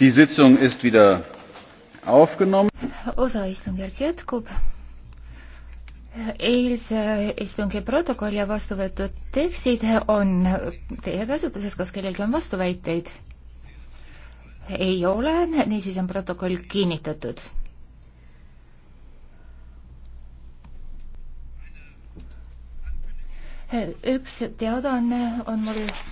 Die Sitzung ist wieder aufgenommen. osa istungjärk jätkub. eilse istungi protokoll ja vastu võetud tekstid on teie käsutuses, kas kellelgi on vastuväiteid? ei ole, niisiis on protokoll kinnitatud. üks teadaanne on, on mul